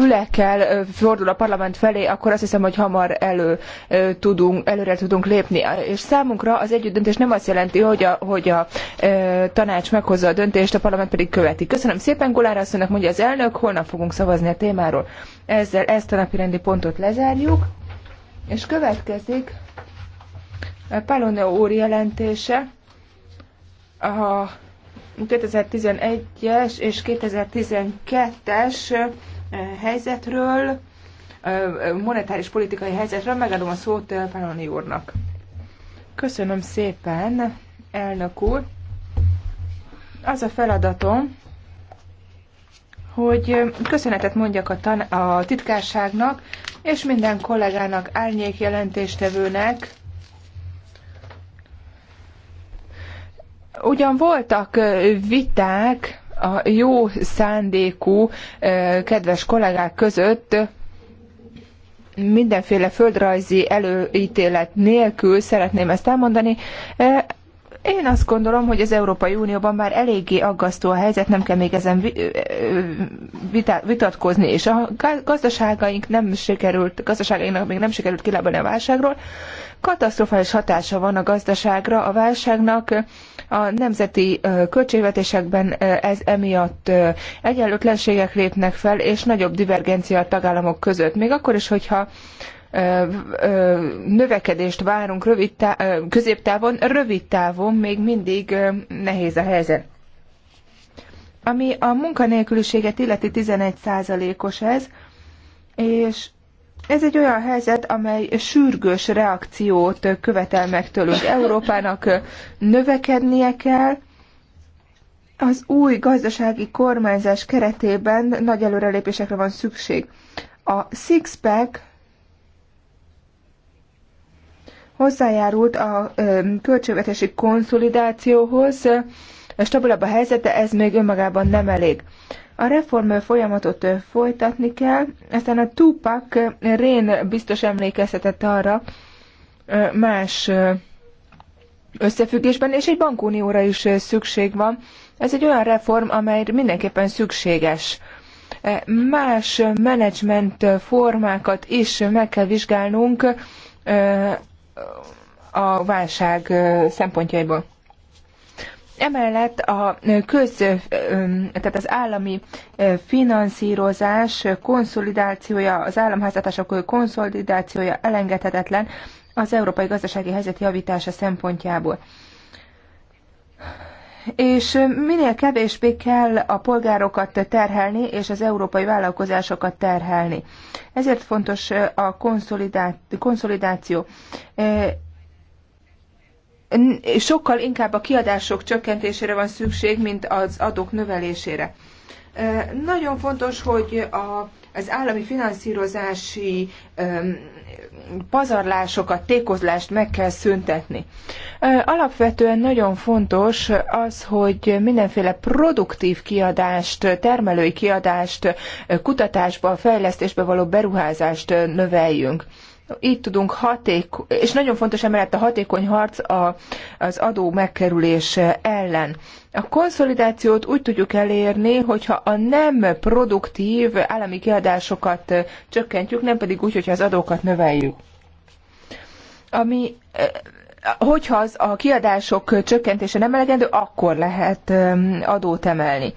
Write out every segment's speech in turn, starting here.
fülekkel fordul a parlament felé, akkor azt hiszem, hogy hamar elő tudunk, előre tudunk lépni. És számunkra az együttdöntés nem azt jelenti, hogy a, hogy a tanács meghozza a döntést, a parlament pedig követi. Köszönöm szépen, Gulára asszonynak mondja az elnök, holnap fogunk szavazni a témáról. Ezzel ezt a napirendi pontot lezárjuk, és következik Paloneo úr jelentése. A 2011-es és 2012-es helyzetről, monetáris politikai helyzetről. Megadom a szót Páloni úrnak. Köszönöm szépen, elnök úr. Az a feladatom, hogy köszönetet mondjak a, tan- a titkárságnak és minden kollégának, árnyék jelentéstevőnek. Ugyan voltak viták a jó szándékú kedves kollégák között mindenféle földrajzi előítélet nélkül szeretném ezt elmondani. Én azt gondolom, hogy az Európai Unióban már eléggé aggasztó a helyzet, nem kell még ezen vitatkozni, és a gazdaságaink nem sikerült, gazdaságainknak még nem sikerült kilábalni a válságról, katasztrofális hatása van a gazdaságra, a válságnak, a nemzeti költségvetésekben ez emiatt egyenlőtlenségek lépnek fel, és nagyobb divergencia a tagállamok között. Még akkor is, hogyha növekedést várunk rövid tá- középtávon, rövid távon még mindig nehéz a helyzet. Ami a munkanélküliséget illeti 11%-os ez, és ez egy olyan helyzet, amely sürgős reakciót követel meg tőlünk. Európának növekednie kell, az új gazdasági kormányzás keretében nagy előrelépésekre van szükség. A Sixpack hozzájárult a költségvetési konszolidációhoz, stabilabb a helyzete, ez még önmagában nem elég. A reform folyamatot folytatni kell, aztán a Tupac Rén biztos emlékeztetett arra más összefüggésben, és egy bankunióra is szükség van. Ez egy olyan reform, amely mindenképpen szükséges. Más menedzsment formákat is meg kell vizsgálnunk a válság szempontjaiból. Emellett a köz, tehát az állami finanszírozás konszolidációja, az államháztartások konszolidációja elengedhetetlen az európai gazdasági helyzet javítása szempontjából és minél kevésbé kell a polgárokat terhelni, és az európai vállalkozásokat terhelni. Ezért fontos a konszolidáció sokkal inkább a kiadások csökkentésére van szükség, mint az adók növelésére. Nagyon fontos, hogy a, az állami finanszírozási pazarlásokat, tékozlást meg kell szüntetni. Alapvetően nagyon fontos az, hogy mindenféle produktív kiadást, termelői kiadást, kutatásba, fejlesztésbe való beruházást növeljünk. Így tudunk hatékony, és nagyon fontos emellett a hatékony harc a, az adó megkerülése ellen. A konszolidációt úgy tudjuk elérni, hogyha a nem produktív állami kiadásokat csökkentjük, nem pedig úgy, hogyha az adókat növeljük. Ami hogyha az a kiadások csökkentése nem elegendő, akkor lehet adót emelni.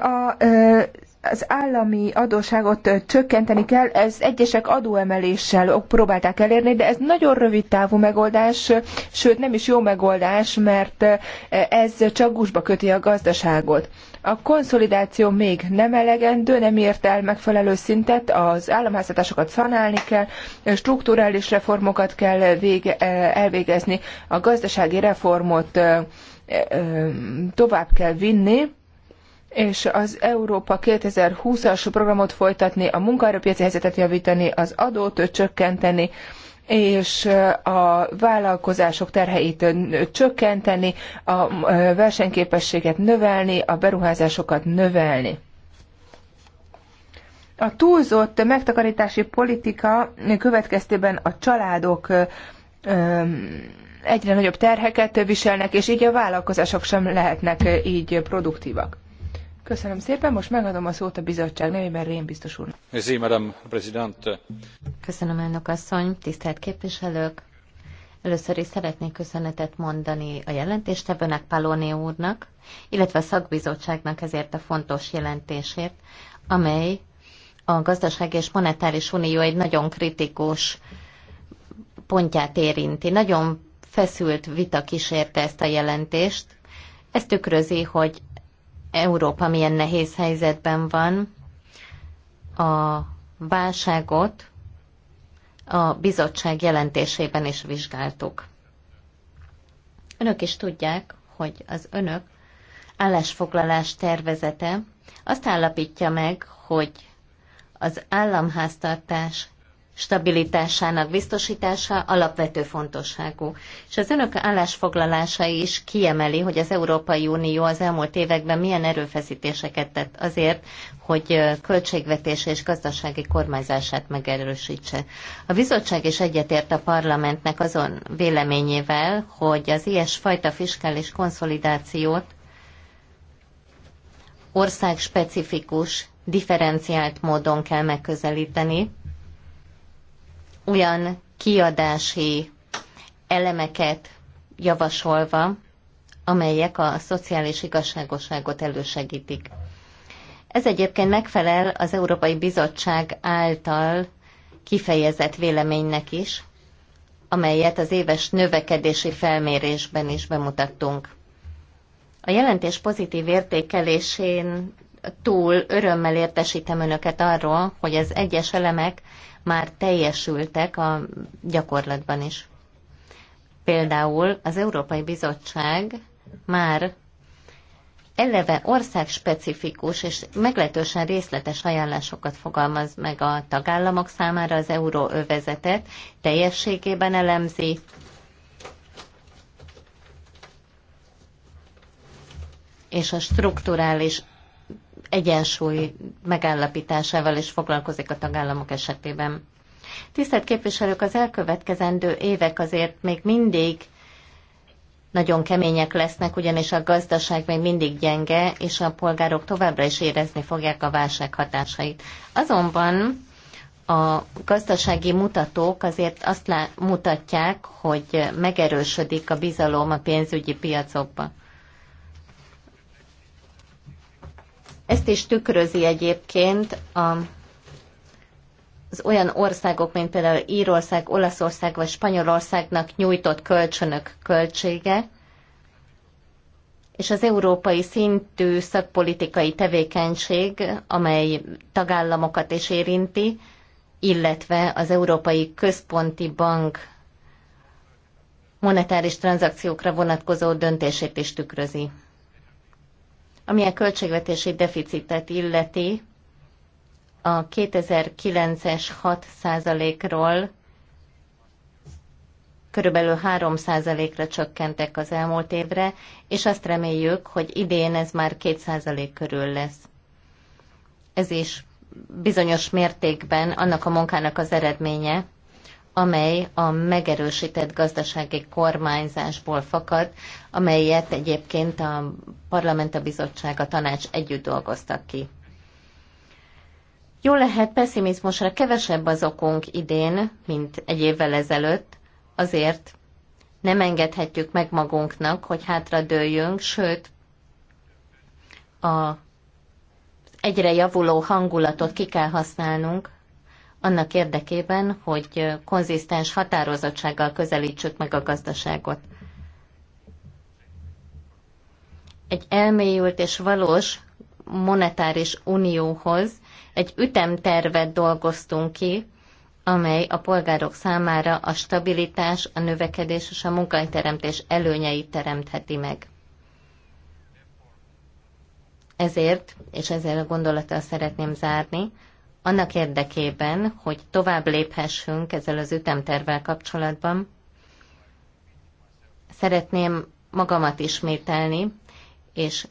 A az állami adósságot csökkenteni kell, ez egyesek adóemeléssel próbálták elérni, de ez nagyon rövid távú megoldás, sőt nem is jó megoldás, mert ez csak gusba köti a gazdaságot. A konszolidáció még nem elegendő, nem ért el megfelelő szintet, az államháztartásokat szanálni kell, strukturális reformokat kell vége, elvégezni, a gazdasági reformot tovább kell vinni, és az Európa 2020-as programot folytatni, a munkaerőpiaci helyzetet javítani, az adót csökkenteni, és a vállalkozások terheit csökkenteni, a versenyképességet növelni, a beruházásokat növelni. A túlzott megtakarítási politika következtében a családok egyre nagyobb terheket viselnek, és így a vállalkozások sem lehetnek így produktívak. Köszönöm szépen, most megadom a szót a bizottság nevében Rén biztos úr. Köszönöm, elnök asszony, tisztelt képviselők! Először is szeretnék köszönetet mondani a jelentéstevőnek, Palóné úrnak, illetve a szakbizottságnak ezért a fontos jelentésért, amely a gazdaság és monetáris unió egy nagyon kritikus pontját érinti. Nagyon feszült vita kísérte ezt a jelentést. Ez tükrözi, hogy Európa milyen nehéz helyzetben van. A válságot a bizottság jelentésében is vizsgáltuk. Önök is tudják, hogy az önök állásfoglalás tervezete azt állapítja meg, hogy az államháztartás stabilitásának biztosítása alapvető fontosságú. És az önök állásfoglalása is kiemeli, hogy az Európai Unió az elmúlt években milyen erőfeszítéseket tett azért, hogy költségvetése és gazdasági kormányzását megerősítse. A bizottság is egyetért a parlamentnek azon véleményével, hogy az ilyesfajta fiskális konszolidációt országspecifikus, differenciált módon kell megközelíteni, olyan kiadási elemeket javasolva, amelyek a szociális igazságosságot elősegítik. Ez egyébként megfelel az Európai Bizottság által kifejezett véleménynek is, amelyet az éves növekedési felmérésben is bemutattunk. A jelentés pozitív értékelésén túl örömmel értesítem önöket arról, hogy az egyes elemek már teljesültek a gyakorlatban is. Például az Európai Bizottság már eleve országspecifikus és meglehetősen részletes ajánlásokat fogalmaz meg a tagállamok számára az euróövezetet, teljességében elemzi, és a strukturális egyensúly megállapításával is foglalkozik a tagállamok esetében. Tisztelt képviselők, az elkövetkezendő évek azért még mindig nagyon kemények lesznek, ugyanis a gazdaság még mindig gyenge, és a polgárok továbbra is érezni fogják a válság hatásait. Azonban a gazdasági mutatók azért azt mutatják, hogy megerősödik a bizalom a pénzügyi piacokban. Ezt is tükrözi egyébként a az olyan országok, mint például Írország, Olaszország vagy Spanyolországnak nyújtott kölcsönök költsége, és az európai szintű szakpolitikai tevékenység, amely tagállamokat is érinti, illetve az Európai Központi Bank monetáris tranzakciókra vonatkozó döntését is tükrözi. Ami a költségvetési deficitet illeti, a 2009-es 6%-ról körülbelül 3%-ra csökkentek az elmúlt évre, és azt reméljük, hogy idén ez már 2% körül lesz. Ez is bizonyos mértékben annak a munkának az eredménye, amely a megerősített gazdasági kormányzásból fakad, amelyet egyébként a Parlament, a Bizottság, a Tanács együtt dolgoztak ki. Jó lehet, pessimizmusra kevesebb az okunk idén, mint egy évvel ezelőtt, azért nem engedhetjük meg magunknak, hogy hátradőljünk, sőt, a egyre javuló hangulatot ki kell használnunk, annak érdekében, hogy konzisztens határozottsággal közelítsük meg a gazdaságot. Egy elmélyült és valós monetáris unióhoz egy ütemtervet dolgoztunk ki, amely a polgárok számára a stabilitás, a növekedés és a munkahelyteremtés előnyeit teremtheti meg. Ezért, és ezzel a gondolattal szeretném zárni, annak érdekében, hogy tovább léphessünk ezzel az ütemtervel kapcsolatban, szeretném magamat ismételni, és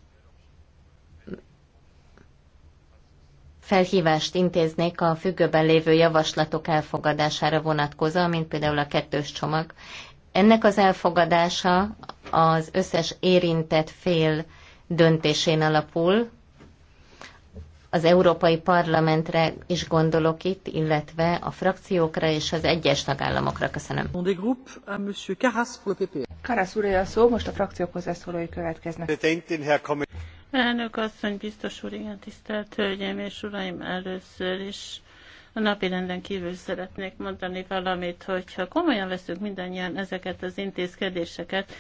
felhívást intéznék a függőben lévő javaslatok elfogadására vonatkozóan, mint például a kettős csomag. Ennek az elfogadása az összes érintett fél döntésén alapul, az Európai Parlamentre is gondolok itt, illetve a frakciókra és az egyes tagállamokra. Köszönöm. Karasz euh, e. úr, a szó, most a frakciókhoz ezt szólói következnek. Elnök asszony, biztos úr, igen, tisztelt hölgyeim és uraim, először is a napi renden kívül szeretnék mondani valamit, hogyha komolyan veszünk mindannyian ezeket az intézkedéseket,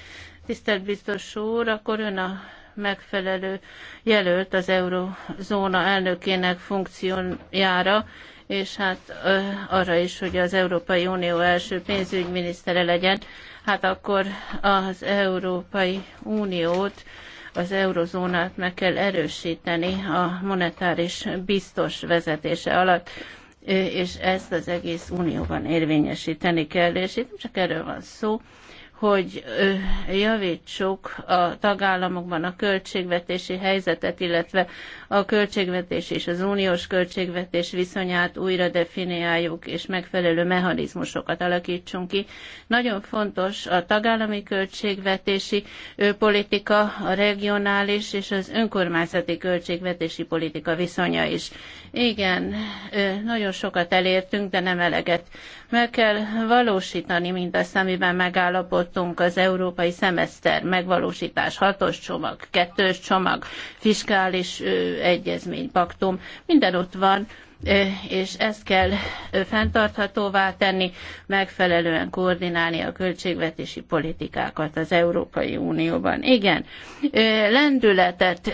tisztelt biztos úr, akkor ön a megfelelő jelölt az eurozóna elnökének funkciójára, és hát arra is, hogy az Európai Unió első pénzügyminisztere legyen, hát akkor az Európai Uniót, az eurozónát meg kell erősíteni a monetáris biztos vezetése alatt és ezt az egész unióban érvényesíteni kell, és itt nem csak erről van szó, hogy javítsuk a tagállamokban a költségvetési helyzetet, illetve a költségvetés és az uniós költségvetés viszonyát újra definiáljuk, és megfelelő mechanizmusokat alakítsunk ki. Nagyon fontos a tagállami költségvetési politika, a regionális és az önkormányzati költségvetési politika viszonya is. Igen, nagyon sokat elértünk, de nem eleget meg kell valósítani mindazt, amiben megállapodtunk az európai szemeszter megvalósítás hatos csomag, kettős csomag, fiskális egyezmény, paktum, minden ott van, és ezt kell fenntarthatóvá tenni, megfelelően koordinálni a költségvetési politikákat az Európai Unióban. Igen, lendületet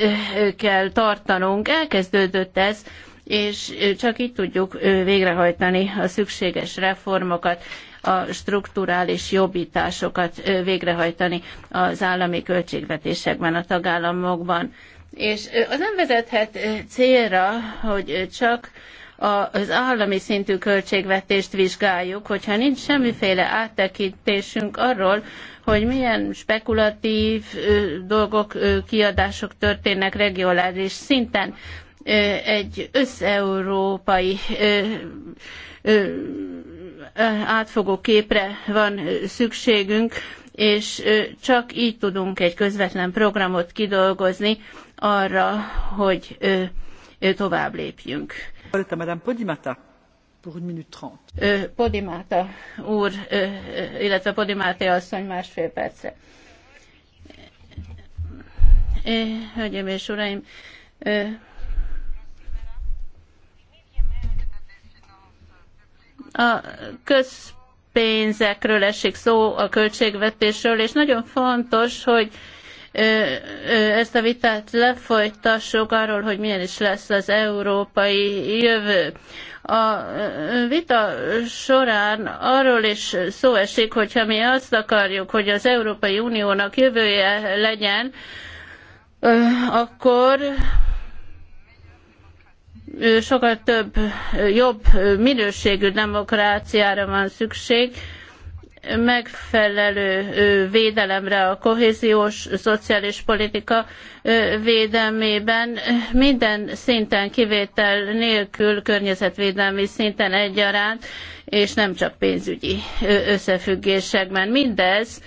kell tartanunk, elkezdődött ez, és csak így tudjuk végrehajtani a szükséges reformokat, a strukturális jobbításokat végrehajtani az állami költségvetésekben, a tagállamokban. És az nem vezethet célra, hogy csak az állami szintű költségvetést vizsgáljuk, hogyha nincs semmiféle áttekintésünk arról, hogy milyen spekulatív dolgok, kiadások történnek regionális szinten egy összeurópai átfogó képre van szükségünk, és csak így tudunk egy közvetlen programot kidolgozni arra, hogy tovább lépjünk. Madame Podimata. Podimata úr, illetve Podimata asszony másfél percre. Hölgyeim és uraim, a közpénzekről esik szó, a költségvetésről, és nagyon fontos, hogy ezt a vitát lefolytassuk arról, hogy milyen is lesz az európai jövő. A vita során arról is szó esik, hogyha mi azt akarjuk, hogy az Európai Uniónak jövője legyen, akkor sokkal több, jobb minőségű demokráciára van szükség, megfelelő védelemre a kohéziós szociális politika védelmében minden szinten kivétel nélkül környezetvédelmi szinten egyaránt, és nem csak pénzügyi összefüggésekben. Mindez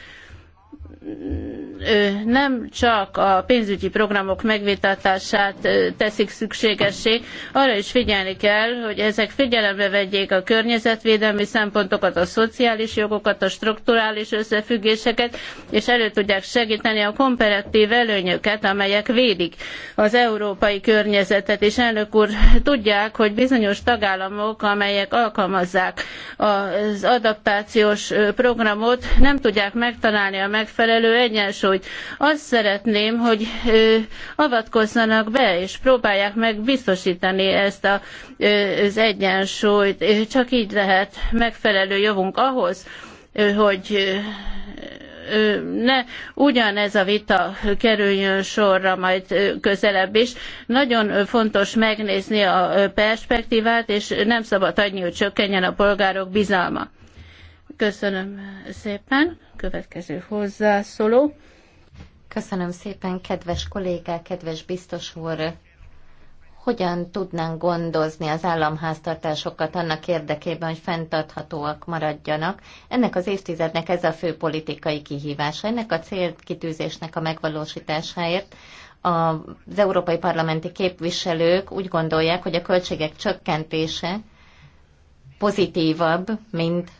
nem csak a pénzügyi programok megvitatását teszik szükségessé, arra is figyelni kell, hogy ezek figyelembe vegyék a környezetvédelmi szempontokat, a szociális jogokat, a strukturális összefüggéseket, és elő tudják segíteni a komparatív előnyöket, amelyek védik az európai környezetet. És elnök úr, tudják, hogy bizonyos tagállamok, amelyek alkalmazzák az adaptációs programot, nem tudják megtalálni a megfelelő megfelelő egyensúlyt. Azt szeretném, hogy avatkozzanak be, és próbálják meg biztosítani ezt a, az egyensúlyt. Csak így lehet megfelelő jogunk ahhoz, hogy ne ugyanez a vita kerüljön sorra majd közelebb is. Nagyon fontos megnézni a perspektívát, és nem szabad hagyni, hogy csökkenjen a polgárok bizalma. Köszönöm szépen. Következő hozzászóló. Köszönöm szépen, kedves kollégák, kedves biztos úr. Hogyan tudnánk gondozni az államháztartásokat annak érdekében, hogy fenntarthatóak maradjanak? Ennek az évtizednek ez a fő politikai kihívása. Ennek a célkitűzésnek a megvalósításáért az európai parlamenti képviselők úgy gondolják, hogy a költségek csökkentése pozitívabb, mint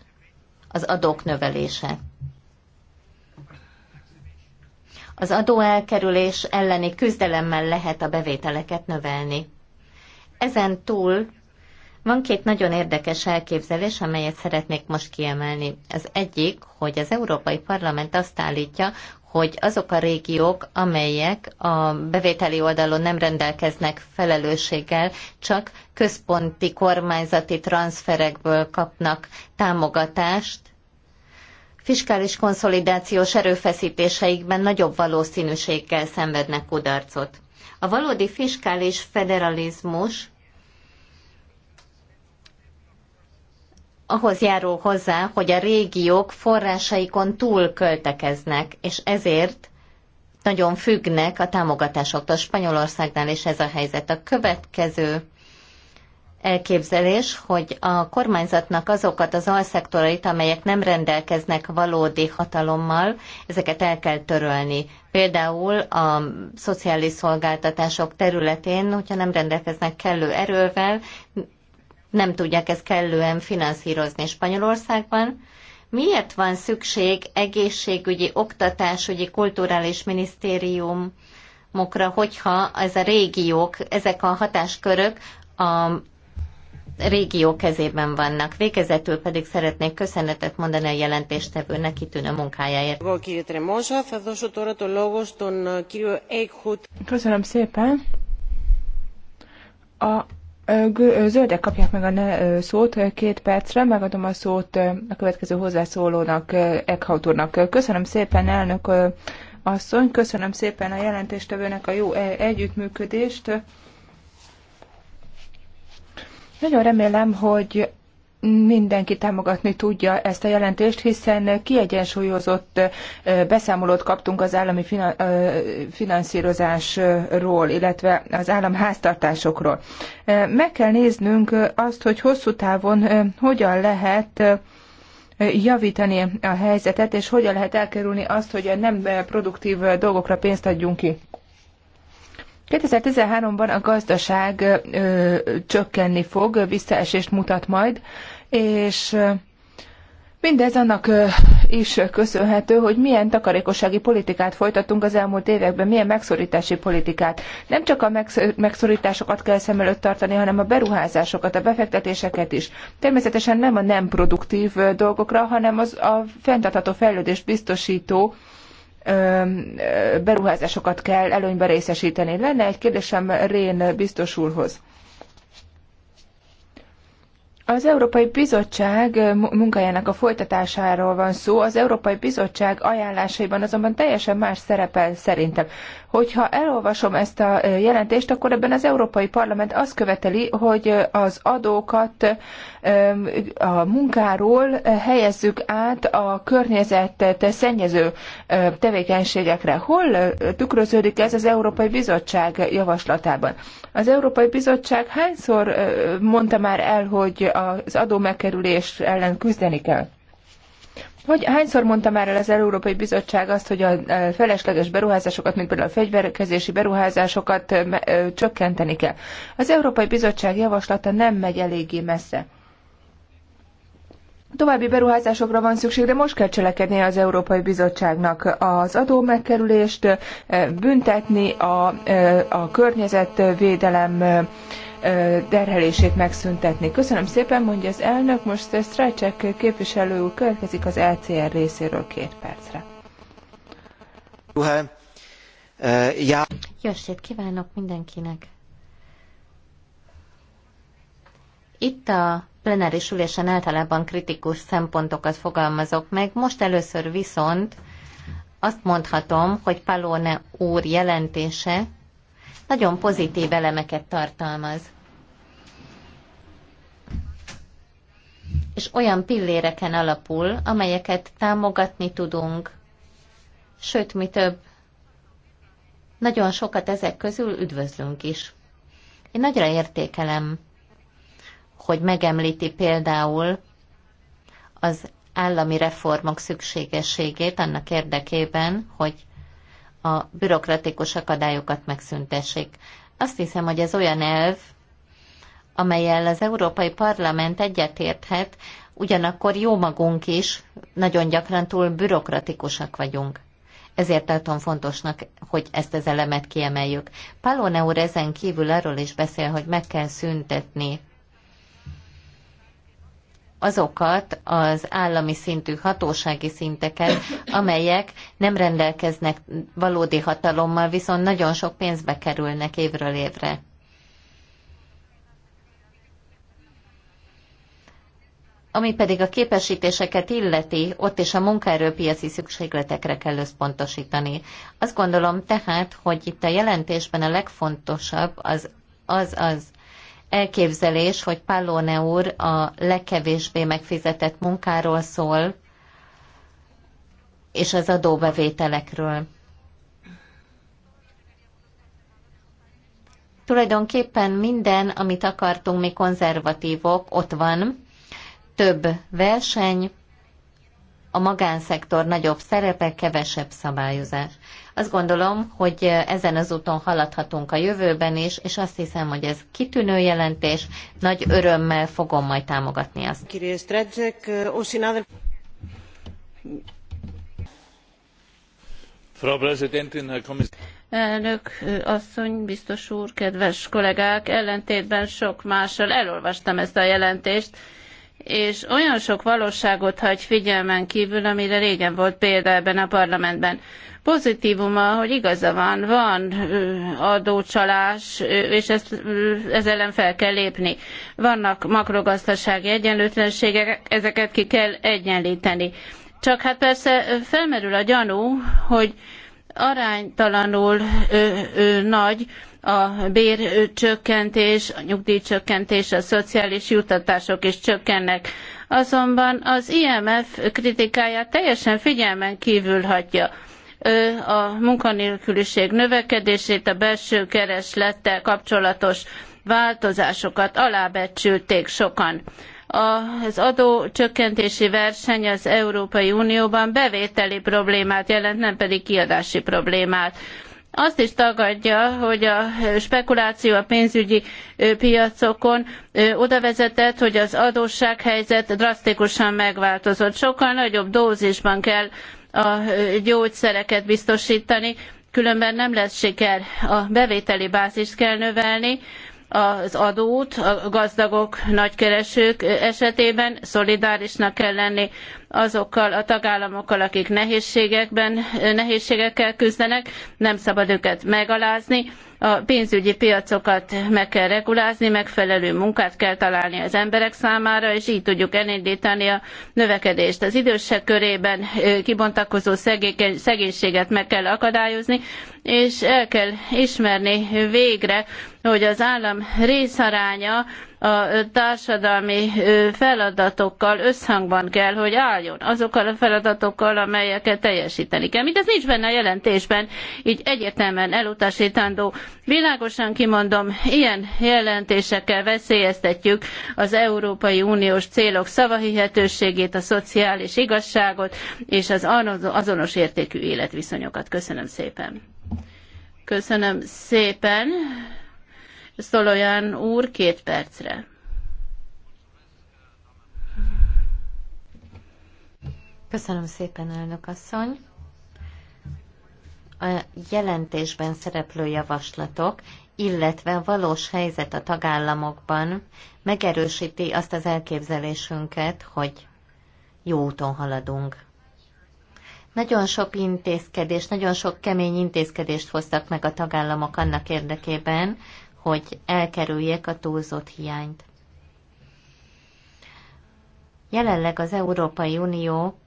az adók növelése. Az adóelkerülés elleni küzdelemmel lehet a bevételeket növelni. Ezen túl van két nagyon érdekes elképzelés, amelyet szeretnék most kiemelni. Az egyik, hogy az Európai Parlament azt állítja, hogy azok a régiók, amelyek a bevételi oldalon nem rendelkeznek felelősséggel, csak központi kormányzati transferekből kapnak támogatást, fiskális konszolidációs erőfeszítéseikben nagyobb valószínűséggel szenvednek kudarcot. A valódi fiskális federalizmus ahhoz járul hozzá, hogy a régiók forrásaikon túl költekeznek, és ezért nagyon függnek a támogatásoktól. Spanyolországnál és ez a helyzet. A következő elképzelés, hogy a kormányzatnak azokat az alszektorait, amelyek nem rendelkeznek valódi hatalommal, ezeket el kell törölni. Például a szociális szolgáltatások területén, hogyha nem rendelkeznek kellő erővel, nem tudják ezt kellően finanszírozni Spanyolországban. Miért van szükség egészségügyi, oktatásügyi, kulturális minisztériumokra, hogyha ez a régiók, ezek a hatáskörök a régió kezében vannak. Végezetül pedig szeretnék köszönetet mondani a jelentéstevőnek kitűnő munkájáért. Köszönöm szépen. A Zöldek kapják meg a szót két percre, megadom a szót a következő hozzászólónak, Eckhout úrnak. Köszönöm szépen, elnök asszony, köszönöm szépen a jelentéstevőnek a jó e, együttműködést. Nagyon remélem, hogy mindenki támogatni tudja ezt a jelentést, hiszen kiegyensúlyozott beszámolót kaptunk az állami finanszírozásról, illetve az állam háztartásokról. Meg kell néznünk azt, hogy hosszú távon hogyan lehet javítani a helyzetet, és hogyan lehet elkerülni azt, hogy nem produktív dolgokra pénzt adjunk ki. 2013-ban a gazdaság ö, csökkenni fog, visszaesést mutat majd, és Mindez annak is köszönhető, hogy milyen takarékossági politikát folytattunk az elmúlt években, milyen megszorítási politikát. Nem csak a megszorításokat kell szem előtt tartani, hanem a beruházásokat, a befektetéseket is. Természetesen nem a nem produktív dolgokra, hanem az a fenntartható fejlődést biztosító beruházásokat kell előnybe részesíteni. Lenne egy kérdésem Rén biztos úrhoz. Az Európai Bizottság munkájának a folytatásáról van szó, az Európai Bizottság ajánlásaiban azonban teljesen más szerepel szerintem. Hogyha elolvasom ezt a jelentést, akkor ebben az Európai Parlament azt követeli, hogy az adókat a munkáról helyezzük át a környezetet szennyező tevékenységekre. Hol tükröződik ez az Európai Bizottság javaslatában? Az Európai Bizottság hányszor mondta már el, hogy az adó megkerülés ellen küzdeni kell? Hogy hányszor mondta már el az Európai Bizottság azt, hogy a felesleges beruházásokat, mint például a fegyverkezési beruházásokat csökkenteni kell? Az Európai Bizottság javaslata nem megy eléggé messze. További beruházásokra van szükség, de most kell cselekednie az Európai Bizottságnak az adó megkerülést, büntetni a, a környezetvédelem terhelését megszüntetni. Köszönöm szépen, mondja az elnök. Most Strajcsek képviselő úr következik az LCR e részéről két percre. Jó estét kívánok mindenkinek! Itt a plenáris ülésen általában kritikus szempontokat fogalmazok meg, most először viszont azt mondhatom, hogy Palone úr jelentése nagyon pozitív elemeket tartalmaz. És olyan pilléreken alapul, amelyeket támogatni tudunk, sőt, mi több, nagyon sokat ezek közül üdvözlünk is. Én nagyra értékelem, hogy megemlíti például az állami reformok szükségességét annak érdekében, hogy a bürokratikus akadályokat megszüntessék. Azt hiszem, hogy ez olyan elv, amelyel az Európai Parlament egyetérthet, ugyanakkor jó magunk is, nagyon gyakran túl bürokratikusak vagyunk. Ezért tartom fontosnak, hogy ezt az elemet kiemeljük. Palone úr ezen kívül arról is beszél, hogy meg kell szüntetni azokat az állami szintű hatósági szinteket, amelyek nem rendelkeznek valódi hatalommal, viszont nagyon sok pénzbe kerülnek évről évre. Ami pedig a képesítéseket illeti, ott is a munkaerőpiaci szükségletekre kell összpontosítani. Azt gondolom tehát, hogy itt a jelentésben a legfontosabb az az, az elképzelés, hogy Pallone úr a legkevésbé megfizetett munkáról szól, és az adóbevételekről. Tulajdonképpen minden, amit akartunk mi konzervatívok, ott van. Több verseny, a magánszektor nagyobb szerepe, kevesebb szabályozás. Azt gondolom, hogy ezen az úton haladhatunk a jövőben is, és azt hiszem, hogy ez kitűnő jelentés, nagy örömmel fogom majd támogatni azt. Frau Präsidentin, Herr Kommissar. Elnök asszony, biztos úr, kedves kollégák, ellentétben sok mással elolvastam ezt a jelentést, és olyan sok valóságot hagy figyelmen kívül, amire régen volt példa ebben a parlamentben. Pozitívuma, hogy igaza van, van adócsalás, és ezt, ez ellen fel kell lépni. Vannak makrogazdasági egyenlőtlenségek, ezeket ki kell egyenlíteni. Csak hát persze felmerül a gyanú, hogy aránytalanul ö, ö, nagy a bércsökkentés, a nyugdíjcsökkentés, a szociális juttatások is csökkennek. Azonban az IMF kritikáját teljesen figyelmen kívül hagyja a munkanélküliség növekedését, a belső kereslettel kapcsolatos változásokat alábecsülték sokan. Az adó csökkentési verseny az Európai Unióban bevételi problémát jelent, nem pedig kiadási problémát azt is tagadja, hogy a spekuláció a pénzügyi piacokon oda vezetett, hogy az adóssághelyzet drasztikusan megváltozott. Sokkal nagyobb dózisban kell a gyógyszereket biztosítani, különben nem lesz siker. A bevételi bázist kell növelni, az adót a gazdagok, nagykeresők esetében, szolidárisnak kell lenni azokkal a tagállamokkal, akik nehézségekben, nehézségekkel küzdenek, nem szabad őket megalázni, a pénzügyi piacokat meg kell regulázni, megfelelő munkát kell találni az emberek számára, és így tudjuk elindítani a növekedést. Az idősek körében kibontakozó szegénységet meg kell akadályozni, és el kell ismerni végre, hogy az állam részaránya a társadalmi feladatokkal összhangban kell, hogy álljon azokkal a feladatokkal, amelyeket teljesíteni kell. Mindez nincs benne a jelentésben, így egyértelműen elutasítandó. Világosan kimondom, ilyen jelentésekkel veszélyeztetjük az Európai Uniós célok szavahihetőségét, a szociális igazságot és az azonos értékű életviszonyokat. Köszönöm szépen. Köszönöm szépen. Szolojan úr, két percre. Köszönöm szépen, elnök asszony. A jelentésben szereplő javaslatok, illetve a valós helyzet a tagállamokban megerősíti azt az elképzelésünket, hogy jó úton haladunk. Nagyon sok intézkedést, nagyon sok kemény intézkedést hoztak meg a tagállamok annak érdekében, hogy elkerüljék a túlzott hiányt. Jelenleg az Európai Unió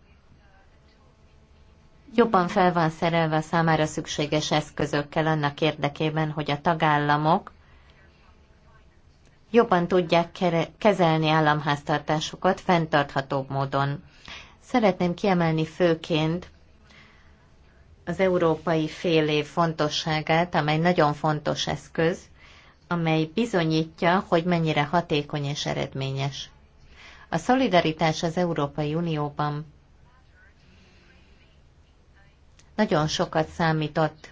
jobban fel van szerelve a számára szükséges eszközökkel annak érdekében, hogy a tagállamok jobban tudják kezelni államháztartásukat fenntarthatóbb módon. Szeretném kiemelni főként az európai fél év fontosságát, amely nagyon fontos eszköz, amely bizonyítja, hogy mennyire hatékony és eredményes. A szolidaritás az Európai Unióban nagyon sokat számított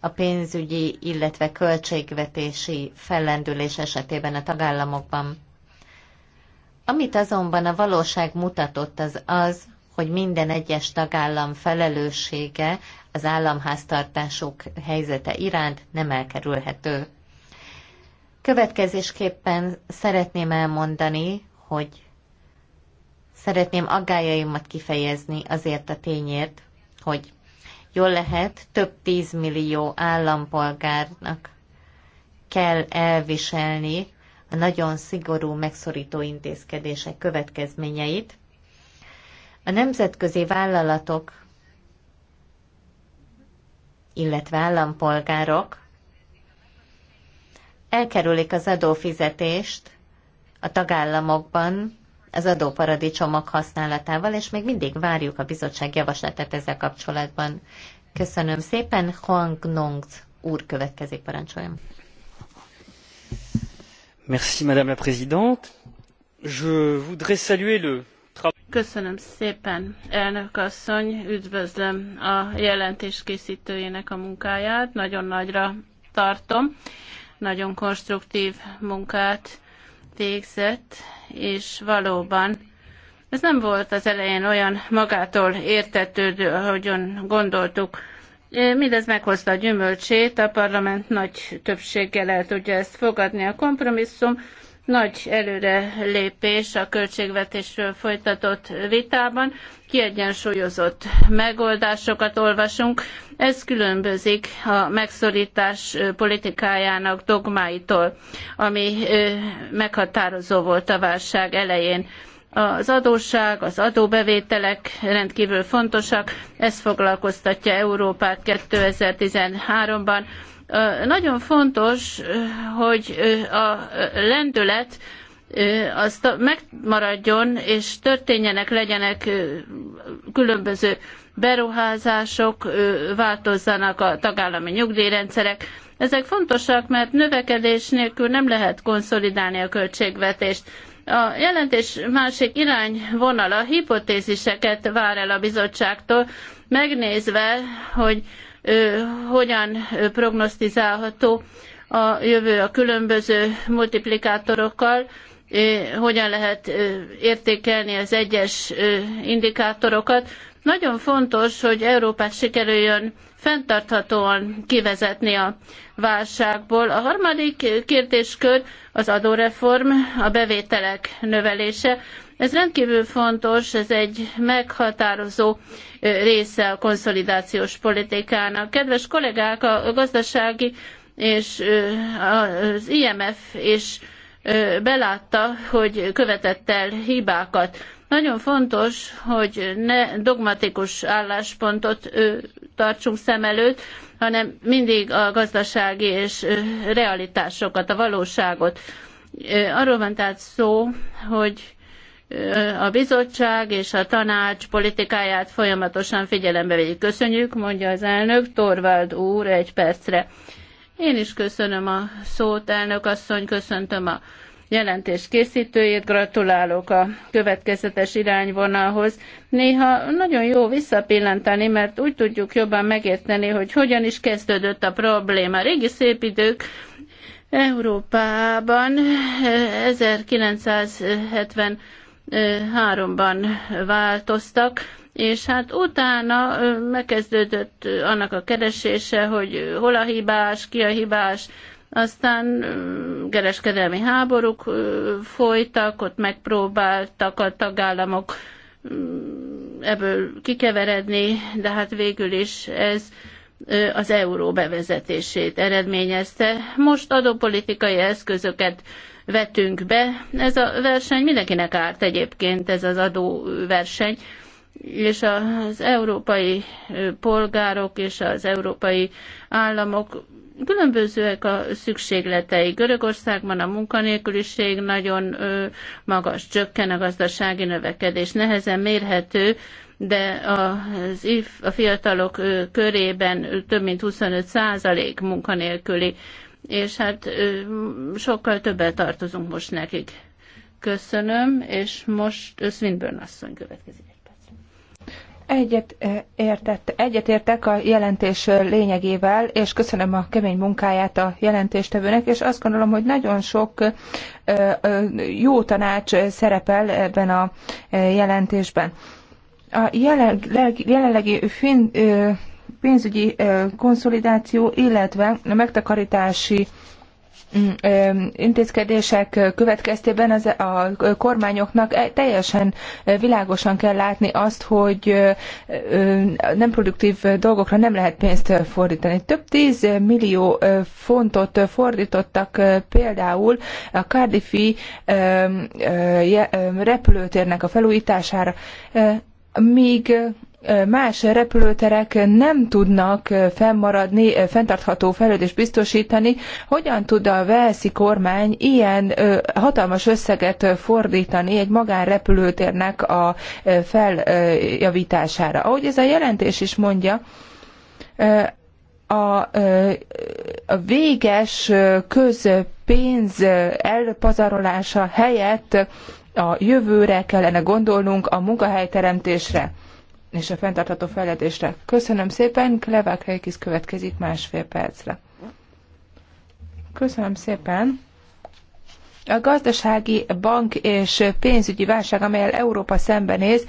a pénzügyi, illetve költségvetési fellendülés esetében a tagállamokban. Amit azonban a valóság mutatott, az az, hogy minden egyes tagállam felelőssége az államháztartások helyzete iránt nem elkerülhető. Következésképpen szeretném elmondani, hogy szeretném aggájaimat kifejezni azért a tényért, hogy jól lehet több tízmillió állampolgárnak kell elviselni a nagyon szigorú megszorító intézkedések következményeit, a nemzetközi vállalatok, illetve állampolgárok elkerülik az adófizetést a tagállamokban az adóparadicsomok használatával, és még mindig várjuk a bizottság javaslatát ezzel kapcsolatban. Köszönöm szépen, Huang Nong úr következik, parancsoljon. Merci, Madame la Présidente. Je voudrais saluer le Köszönöm szépen, elnök asszony, üdvözlöm a jelentés készítőjének a munkáját, nagyon nagyra tartom, nagyon konstruktív munkát végzett, és valóban ez nem volt az elején olyan magától értetődő, ahogyan gondoltuk. Mindez meghozta a gyümölcsét, a parlament nagy többséggel el tudja ezt fogadni. A kompromisszum nagy előre lépés a költségvetésről folytatott vitában. Kiegyensúlyozott megoldásokat olvasunk. Ez különbözik a megszorítás politikájának dogmáitól, ami meghatározó volt a válság elején. Az adósság, az adóbevételek rendkívül fontosak, ez foglalkoztatja Európát 2013-ban nagyon fontos, hogy a lendület az megmaradjon, és történjenek, legyenek különböző beruházások, változzanak a tagállami nyugdíjrendszerek. Ezek fontosak, mert növekedés nélkül nem lehet konszolidálni a költségvetést. A jelentés másik irányvonala hipotéziseket vár el a bizottságtól, megnézve, hogy hogyan prognosztizálható a jövő a különböző multiplikátorokkal, hogyan lehet értékelni az egyes indikátorokat. Nagyon fontos, hogy Európát sikerüljön fenntarthatóan kivezetni a válságból. A harmadik kérdéskör az adóreform, a bevételek növelése. Ez rendkívül fontos, ez egy meghatározó része a konszolidációs politikának. Kedves kollégák, a gazdasági és az IMF is belátta, hogy követett el hibákat. Nagyon fontos, hogy ne dogmatikus álláspontot tartsunk szem előtt, hanem mindig a gazdasági és realitásokat, a valóságot. Arról van tehát szó, hogy a bizottság és a tanács politikáját folyamatosan figyelembe vegyük. Köszönjük, mondja az elnök, Torvald úr egy percre. Én is köszönöm a szót, elnök asszony, köszöntöm a jelentés készítőjét, gratulálok a következetes irányvonalhoz. Néha nagyon jó visszapillantani, mert úgy tudjuk jobban megérteni, hogy hogyan is kezdődött a probléma. Régi szép idők, Európában 1970 eh, háromban változtak, és hát utána megkezdődött annak a keresése, hogy hol a hibás, ki a hibás, aztán kereskedelmi háborúk folytak, ott megpróbáltak a tagállamok ebből kikeveredni, de hát végül is ez az euró bevezetését eredményezte. Most adópolitikai eszközöket vetünk be. Ez a verseny mindenkinek árt egyébként, ez az adóverseny és az európai polgárok és az európai államok különbözőek a szükségletei. Görögországban a munkanélküliség nagyon magas, csökken a gazdasági növekedés, nehezen mérhető, de az IF, a fiatalok körében több mint 25 százalék munkanélküli és hát sokkal többet tartozunk most nekik. Köszönöm, és most Swinburne asszony következik. Egyet, értett, egyet értek a jelentés lényegével, és köszönöm a kemény munkáját a jelentéstevőnek, és azt gondolom, hogy nagyon sok jó tanács szerepel ebben a jelentésben. A jelenlegi, jelenlegi fin, pénzügyi konszolidáció, illetve a megtakarítási mm, intézkedések következtében az a kormányoknak e, teljesen világosan kell látni azt, hogy nem produktív dolgokra nem lehet pénzt fordítani. Több tíz millió fontot fordítottak például a Cardiffi repülőtérnek a felújítására, míg más repülőterek nem tudnak fennmaradni, fenntartható fejlődést biztosítani, hogyan tud a Velszi kormány ilyen hatalmas összeget fordítani egy magánrepülőtérnek a feljavítására. Ahogy ez a jelentés is mondja, a, a véges közpénz elpazarolása helyett a jövőre kellene gondolnunk, a munkahelyteremtésre és a fenntartható fejlődésre. Köszönöm szépen, Klevák Reikis következik másfél percre. Köszönöm szépen. A gazdasági, bank és pénzügyi válság, amelyel Európa szembenéz,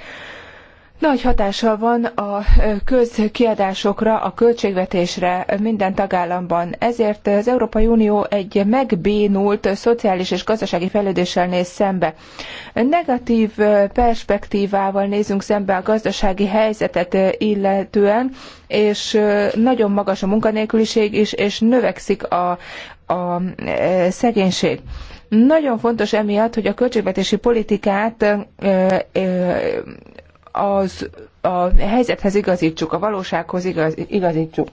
nagy hatással van a közkiadásokra, a költségvetésre minden tagállamban. Ezért az Európai Unió egy megbénult szociális és gazdasági fejlődéssel néz szembe. Negatív perspektívával nézünk szembe a gazdasági helyzetet illetően, és nagyon magas a munkanélküliség is, és növekszik a, a szegénység. Nagyon fontos emiatt, hogy a költségvetési politikát az, a helyzethez igazítsuk, a valósághoz igaz, igazítsuk.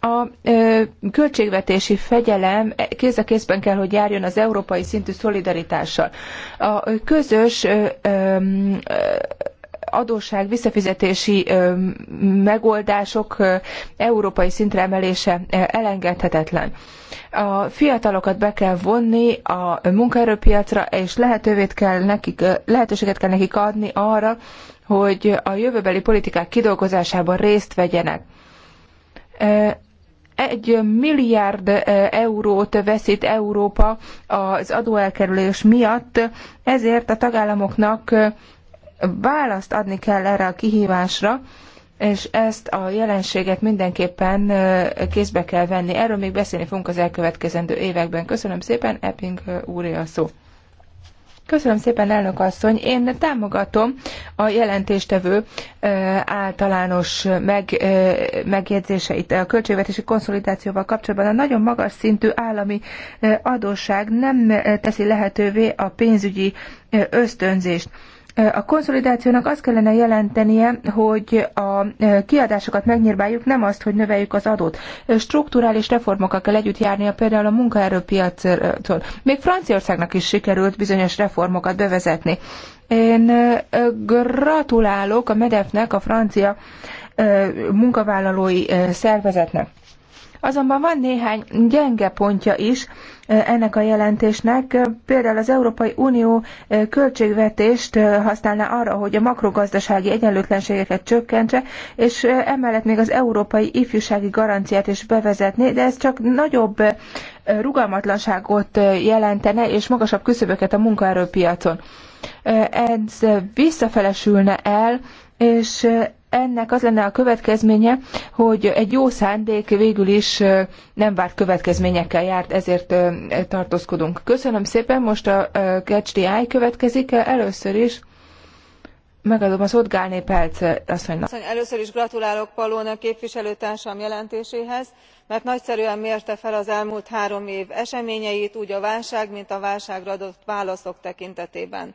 A ö, költségvetési fegyelem kéz a kézben kell, hogy járjon az európai szintű szolidaritással. A közös ö, ö, adósság visszafizetési megoldások európai szintre emelése elengedhetetlen. A fiatalokat be kell vonni a munkaerőpiacra, és kell nekik, lehetőséget kell nekik adni arra, hogy a jövőbeli politikák kidolgozásában részt vegyenek egy milliárd eurót veszít Európa az adóelkerülés miatt, ezért a tagállamoknak választ adni kell erre a kihívásra, és ezt a jelenséget mindenképpen kézbe kell venni. Erről még beszélni fogunk az elkövetkezendő években. Köszönöm szépen, Epping úré a szó. Köszönöm szépen, elnök asszony. Én támogatom a jelentéstevő általános meg, megjegyzéseit a költségvetési konszolidációval kapcsolatban. A nagyon magas szintű állami adósság nem teszi lehetővé a pénzügyi ösztönzést a konszolidációnak azt kellene jelentenie, hogy a e, kiadásokat megnyírbáljuk, nem azt, hogy növeljük az adót. Strukturális reformokkal kell együtt járnia például a munkaerőpiacról. Még Franciaországnak is sikerült bizonyos reformokat bevezetni. Én e, gratulálok a Medefnek, a francia e, munkavállalói szervezetnek. Azonban van néhány gyenge pontja is, ennek a jelentésnek. Például az Európai Unió eh, költségvetést eh, használná arra, hogy a makrogazdasági egyenlőtlenségeket csökkentse, és eh, emellett még az Európai Ifjúsági Garanciát is bevezetné, de ez csak nagyobb rugalmatlanságot jelentene, és magasabb küszöböket a munkaerőpiacon. Ez visszafelesülne el, és ennek az lenne a következménye, hogy egy jó szándék végül is nem várt következményekkel járt, ezért tartózkodunk. Köszönöm szépen, most a Catch the Eye következik először is. Megadom a szót Gálné Pelc asszonynak. Először is gratulálok Pallónak képviselőtársam jelentéséhez, mert nagyszerűen mérte fel az elmúlt három év eseményeit, úgy a válság, mint a válságra adott válaszok tekintetében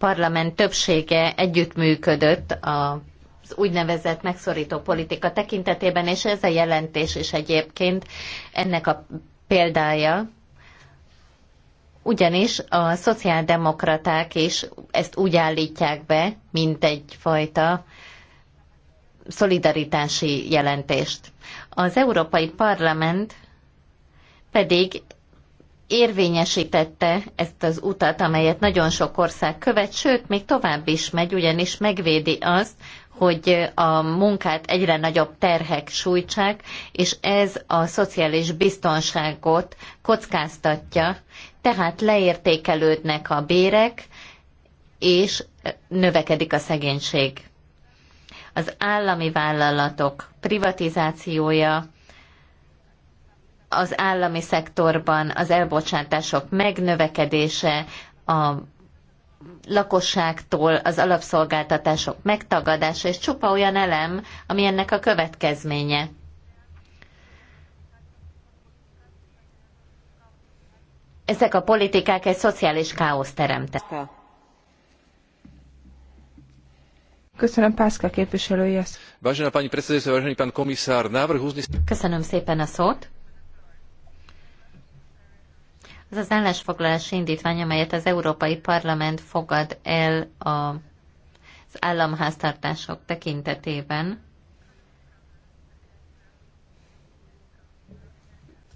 parlament többsége együttműködött a az úgynevezett megszorító politika tekintetében, és ez a jelentés is egyébként ennek a példája, ugyanis a szociáldemokraták is ezt úgy állítják be, mint egyfajta szolidaritási jelentést. Az Európai Parlament pedig érvényesítette ezt az utat, amelyet nagyon sok ország követ, sőt, még tovább is megy, ugyanis megvédi azt, hogy a munkát egyre nagyobb terhek sújtsák, és ez a szociális biztonságot kockáztatja, tehát leértékelődnek a bérek, és növekedik a szegénység. Az állami vállalatok privatizációja, az állami szektorban az elbocsátások megnövekedése, a lakosságtól az alapszolgáltatások megtagadása, és csupa olyan elem, ami ennek a következménye. Ezek a politikák egy szociális káoszt teremtettek. Köszönöm, Pászka képviselője. Vážená pani pán komisár, Köszönöm szépen a szót. Ez az állásfoglalási indítvány, amelyet az Európai Parlament fogad el a, az államháztartások tekintetében,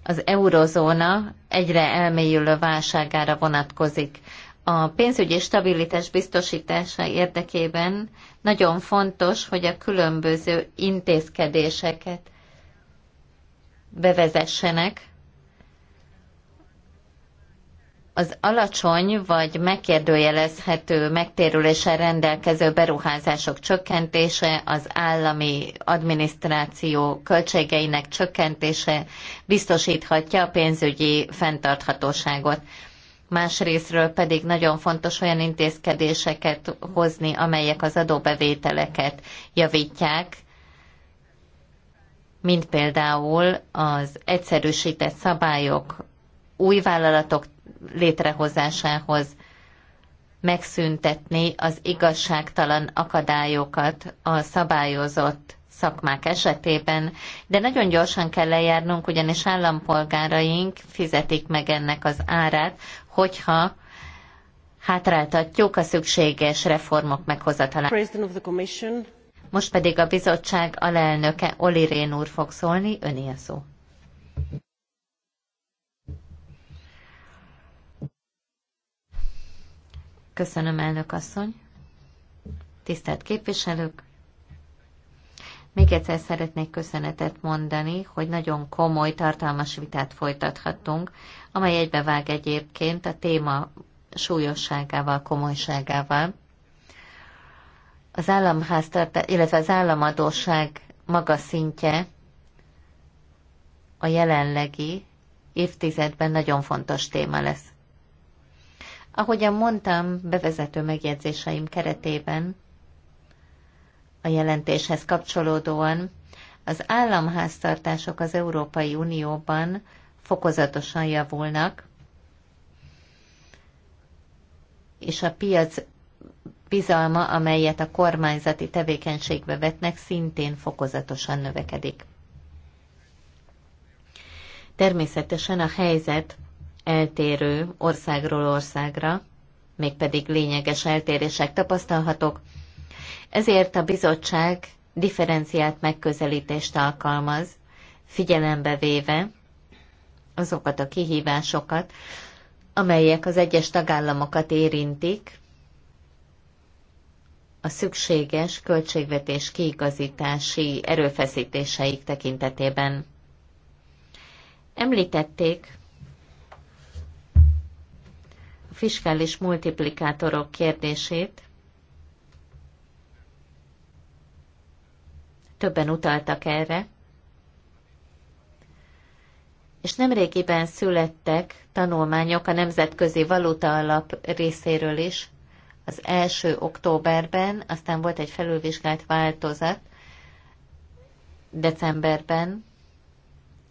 az eurozóna egyre elmélyülő válságára vonatkozik. A pénzügyi stabilitás biztosítása érdekében nagyon fontos, hogy a különböző intézkedéseket bevezessenek, az alacsony vagy megkérdőjelezhető megtérüléssel rendelkező beruházások csökkentése, az állami adminisztráció költségeinek csökkentése biztosíthatja a pénzügyi fenntarthatóságot. Másrésztről pedig nagyon fontos olyan intézkedéseket hozni, amelyek az adóbevételeket javítják, mint például az egyszerűsített szabályok új vállalatok létrehozásához megszüntetni az igazságtalan akadályokat a szabályozott szakmák esetében, de nagyon gyorsan kell lejárnunk, ugyanis állampolgáraink fizetik meg ennek az árát, hogyha hátráltatjuk a szükséges reformok meghozatalát. Most pedig a bizottság alelnöke Oli Rén úr fog szólni, öné a szó. Köszönöm, elnök asszony. Tisztelt képviselők! Még egyszer szeretnék köszönetet mondani, hogy nagyon komoly, tartalmas vitát folytathatunk, amely egybevág egyébként a téma súlyosságával, komolyságával. Az államháztartás, illetve az államadóság magas szintje a jelenlegi évtizedben nagyon fontos téma lesz. Ahogyan mondtam, bevezető megjegyzéseim keretében a jelentéshez kapcsolódóan az államháztartások az Európai Unióban fokozatosan javulnak, és a piac bizalma, amelyet a kormányzati tevékenységbe vetnek, szintén fokozatosan növekedik. Természetesen a helyzet eltérő országról országra, mégpedig lényeges eltérések tapasztalhatók, ezért a bizottság differenciált megközelítést alkalmaz, figyelembe véve azokat a kihívásokat, amelyek az egyes tagállamokat érintik, a szükséges költségvetés kiigazítási erőfeszítéseik tekintetében. Említették, fiskális multiplikátorok kérdését. Többen utaltak erre. És nemrégiben születtek tanulmányok a Nemzetközi Valuta Alap részéről is. Az első októberben, aztán volt egy felülvizsgált változat decemberben.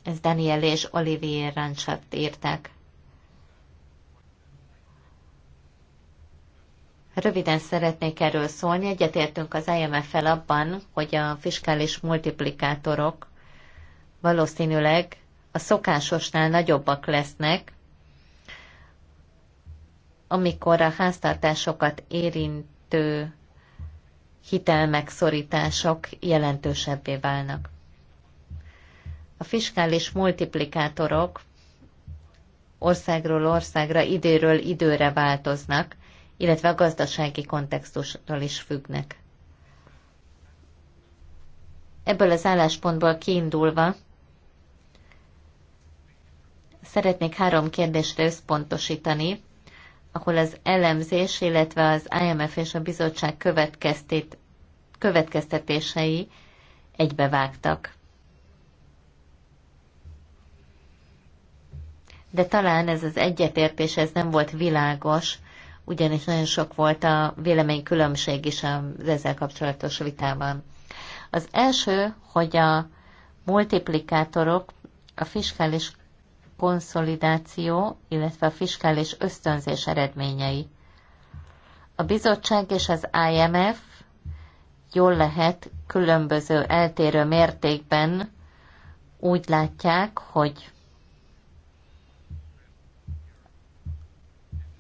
Ez Daniel és Olivier Ranchat írták. Röviden szeretnék erről szólni. Egyetértünk az IMF-el abban, hogy a fiskális multiplikátorok valószínűleg a szokásosnál nagyobbak lesznek, amikor a háztartásokat érintő hitelmegszorítások jelentősebbé válnak. A fiskális multiplikátorok országról országra, időről időre változnak, illetve a gazdasági kontextustól is függnek. Ebből az álláspontból kiindulva szeretnék három kérdésre összpontosítani, ahol az elemzés, illetve az IMF és a bizottság következtét, következtetései egybevágtak. De talán ez az egyetértés ez nem volt világos ugyanis nagyon sok volt a véleménykülönbség is az ezzel kapcsolatos vitában. Az első, hogy a multiplikátorok, a fiskális konszolidáció, illetve a fiskális ösztönzés eredményei. A bizottság és az IMF jól lehet különböző eltérő mértékben úgy látják, hogy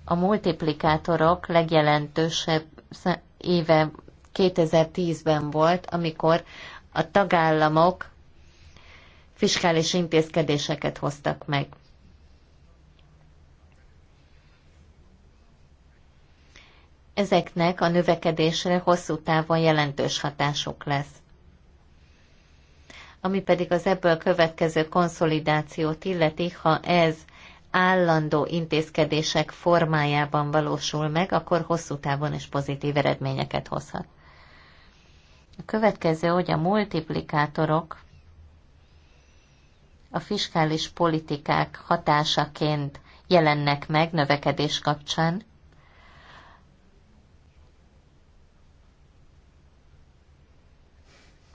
a multiplikátorok legjelentősebb éve 2010-ben volt, amikor a tagállamok fiskális intézkedéseket hoztak meg. Ezeknek a növekedésre hosszú távon jelentős hatásuk lesz. Ami pedig az ebből következő konszolidációt illeti, ha ez állandó intézkedések formájában valósul meg, akkor hosszú távon is pozitív eredményeket hozhat. A következő, hogy a multiplikátorok a fiskális politikák hatásaként jelennek meg növekedés kapcsán,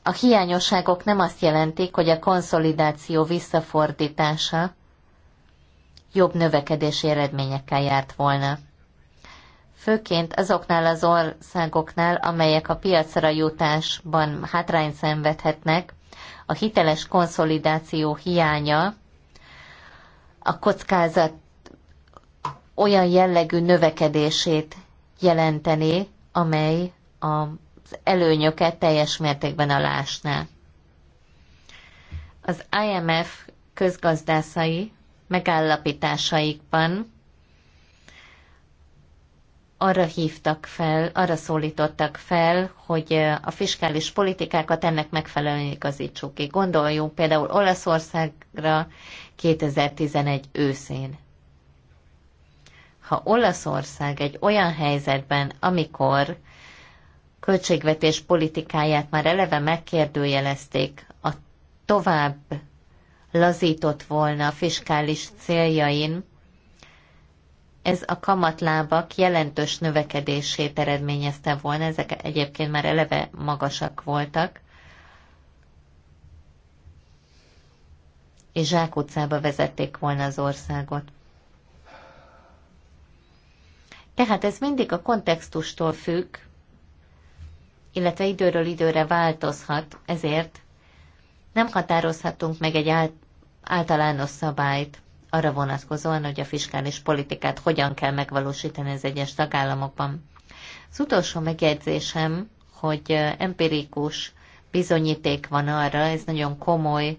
A hiányosságok nem azt jelentik, hogy a konszolidáció visszafordítása jobb növekedési eredményekkel járt volna. Főként azoknál az országoknál, amelyek a piacra jutásban hátrányt szenvedhetnek, a hiteles konszolidáció hiánya a kockázat olyan jellegű növekedését jelenteni, amely az előnyöket teljes mértékben alásná. Az IMF közgazdászai megállapításaikban arra hívtak fel, arra szólítottak fel, hogy a fiskális politikákat ennek megfelelően igazítsuk ki. Gondoljunk például Olaszországra 2011 őszén. Ha Olaszország egy olyan helyzetben, amikor költségvetés politikáját már eleve megkérdőjelezték, a tovább lazított volna a fiskális céljain, ez a kamatlábak jelentős növekedését eredményezte volna, ezek egyébként már eleve magasak voltak, és zsákutcába vezették volna az országot. Tehát ez mindig a kontextustól függ, illetve időről időre változhat, ezért nem határozhatunk meg egy általános szabályt arra vonatkozóan, hogy a fiskális politikát hogyan kell megvalósítani az egyes tagállamokban. Az utolsó megjegyzésem, hogy empirikus bizonyíték van arra, ez nagyon komoly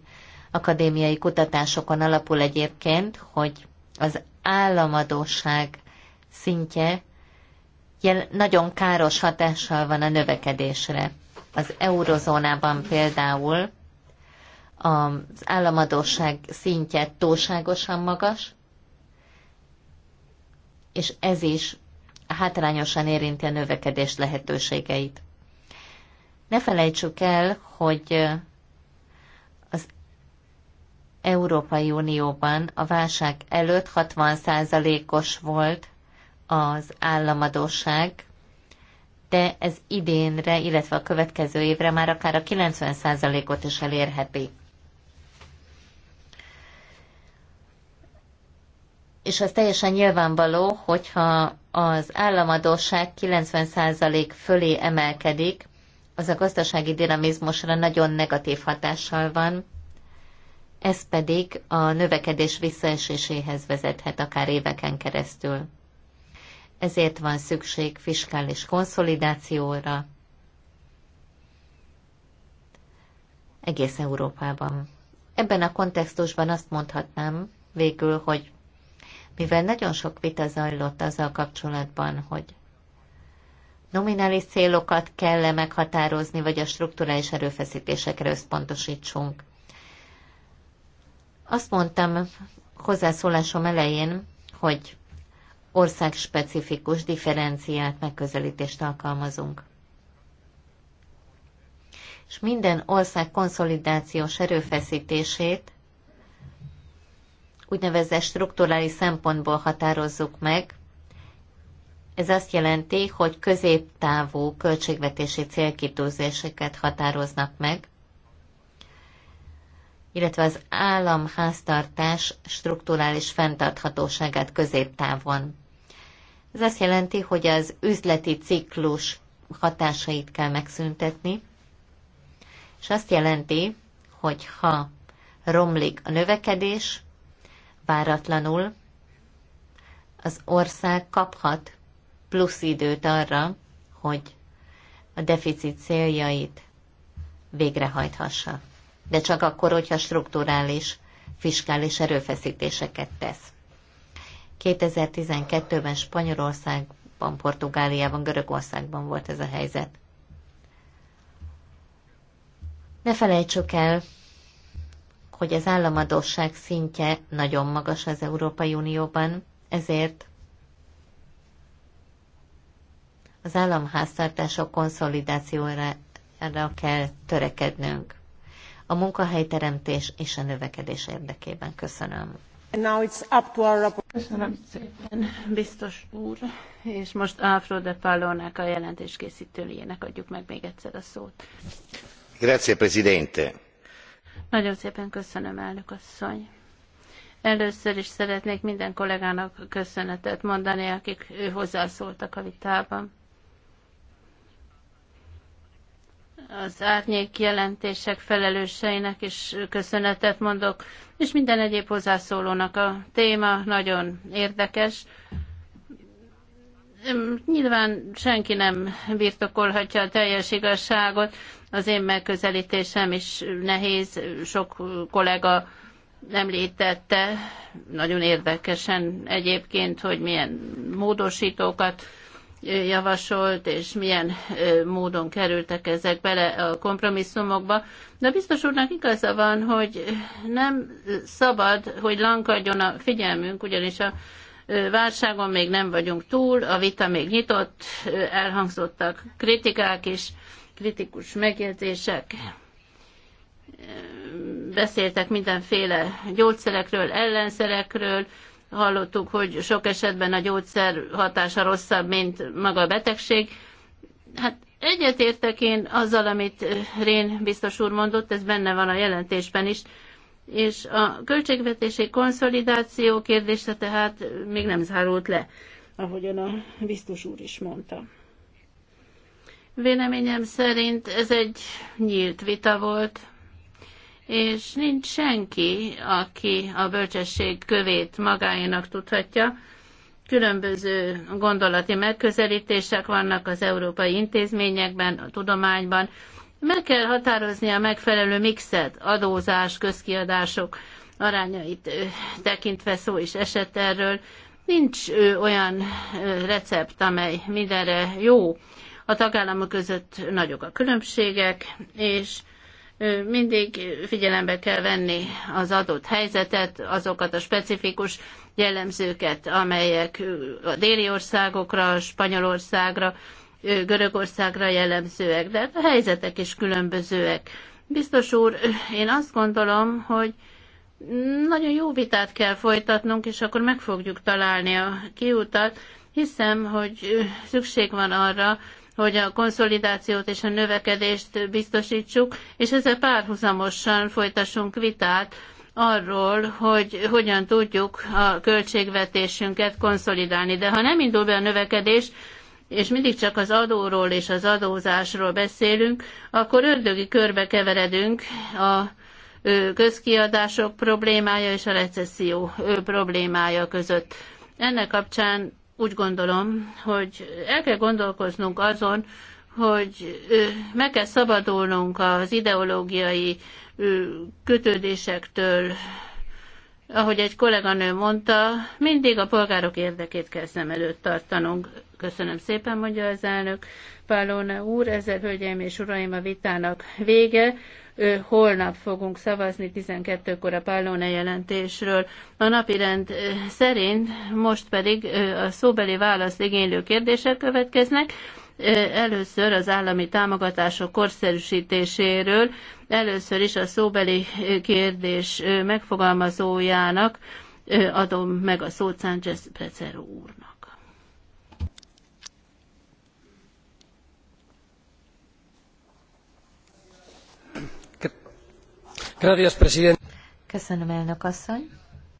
akadémiai kutatásokon alapul egyébként, hogy az államadóság szintje nagyon káros hatással van a növekedésre. Az eurozónában például az államadóság szintje túlságosan magas, és ez is hátrányosan érinti a növekedés lehetőségeit. Ne felejtsük el, hogy az Európai Unióban a válság előtt 60%-os volt az államadóság, de ez idénre, illetve a következő évre már akár a 90%-ot is elérheti. és az teljesen nyilvánvaló, hogyha az államadóság 90% fölé emelkedik, az a gazdasági dinamizmusra nagyon negatív hatással van, ez pedig a növekedés visszaeséséhez vezethet akár éveken keresztül. Ezért van szükség fiskális konszolidációra egész Európában. Ebben a kontextusban azt mondhatnám végül, hogy mivel nagyon sok vita zajlott azzal kapcsolatban, hogy nominális célokat kell-e meghatározni, vagy a strukturális erőfeszítésekre összpontosítsunk. Azt mondtam hozzászólásom elején, hogy országspecifikus, differenciált megközelítést alkalmazunk. És minden ország konszolidációs erőfeszítését úgynevezett strukturális szempontból határozzuk meg. Ez azt jelenti, hogy középtávú költségvetési célkitűzéseket határoznak meg, illetve az államháztartás strukturális fenntarthatóságát középtávon. Ez azt jelenti, hogy az üzleti ciklus hatásait kell megszüntetni, és azt jelenti, hogy ha romlik a növekedés, Páratlanul az ország kaphat plusz időt arra, hogy a deficit céljait végrehajthassa. De csak akkor, hogyha strukturális, fiskális erőfeszítéseket tesz. 2012-ben Spanyolországban, Portugáliában, Görögországban volt ez a helyzet. Ne felejtsük el, hogy az államadóság szintje nagyon magas az Európai Unióban, ezért az államháztartások konszolidációra kell törekednünk. A munkahelyteremtés és a növekedés érdekében köszönöm. Now it's up to our Köszönöm szépen, biztos úr. És most Alfro de Pallónak a jelentés készítőjének adjuk meg még egyszer a szót. Grazie, Presidente nagyon szépen köszönöm, elnök asszony. Először is szeretnék minden kollégának köszönetet mondani, akik ő hozzászóltak a vitában. Az árnyék jelentések felelőseinek is köszönetet mondok, és minden egyéb hozzászólónak a téma nagyon érdekes. Nyilván senki nem birtokolhatja a teljes igazságot, az én megközelítésem is nehéz, sok kollega említette, nagyon érdekesen egyébként, hogy milyen módosítókat javasolt, és milyen módon kerültek ezek bele a kompromisszumokba. De biztos úrnak igaza van, hogy nem szabad, hogy lankadjon a figyelmünk, ugyanis a válságon még nem vagyunk túl, a vita még nyitott, elhangzottak kritikák is, kritikus megjegyzések. Beszéltek mindenféle gyógyszerekről, ellenszerekről, hallottuk, hogy sok esetben a gyógyszer hatása rosszabb, mint maga a betegség. Hát egyetértek én azzal, amit Rén biztos úr mondott, ez benne van a jelentésben is, és a költségvetési konszolidáció kérdése tehát még nem zárult le, ahogyan a biztos úr is mondta. Véleményem szerint ez egy nyílt vita volt, és nincs senki, aki a bölcsesség kövét magáénak tudhatja. Különböző gondolati megközelítések vannak az európai intézményekben, a tudományban. Meg kell határozni a megfelelő mixet, adózás, közkiadások arányait tekintve szó is esett erről. Nincs olyan recept, amely mindenre jó a tagállamok között nagyok a különbségek, és mindig figyelembe kell venni az adott helyzetet, azokat a specifikus jellemzőket, amelyek a déli országokra, Spanyolországra, Görögországra jellemzőek, de hát a helyzetek is különbözőek. Biztos úr, én azt gondolom, hogy nagyon jó vitát kell folytatnunk, és akkor meg fogjuk találni a kiutat. Hiszem, hogy szükség van arra, hogy a konszolidációt és a növekedést biztosítsuk, és ezzel párhuzamosan folytassunk vitát arról, hogy hogyan tudjuk a költségvetésünket konszolidálni. De ha nem indul be a növekedés, és mindig csak az adóról és az adózásról beszélünk, akkor ördögi körbe keveredünk a közkiadások problémája és a recesszió problémája között. Ennek kapcsán úgy gondolom, hogy el kell gondolkoznunk azon, hogy meg kell szabadulnunk az ideológiai kötődésektől. Ahogy egy kolléganő mondta, mindig a polgárok érdekét kell szem előtt tartanunk. Köszönöm szépen, mondja az elnök. Pálóna úr, ezzel, hölgyeim és uraim, a vitának vége holnap fogunk szavazni 12-kor a Pallone jelentésről. A napirend szerint most pedig a szóbeli válasz igénylő kérdések következnek. Először az állami támogatások korszerűsítéséről, először is a szóbeli kérdés megfogalmazójának adom meg a szót Sánchez Precero úr. Köszönöm, elnök asszony.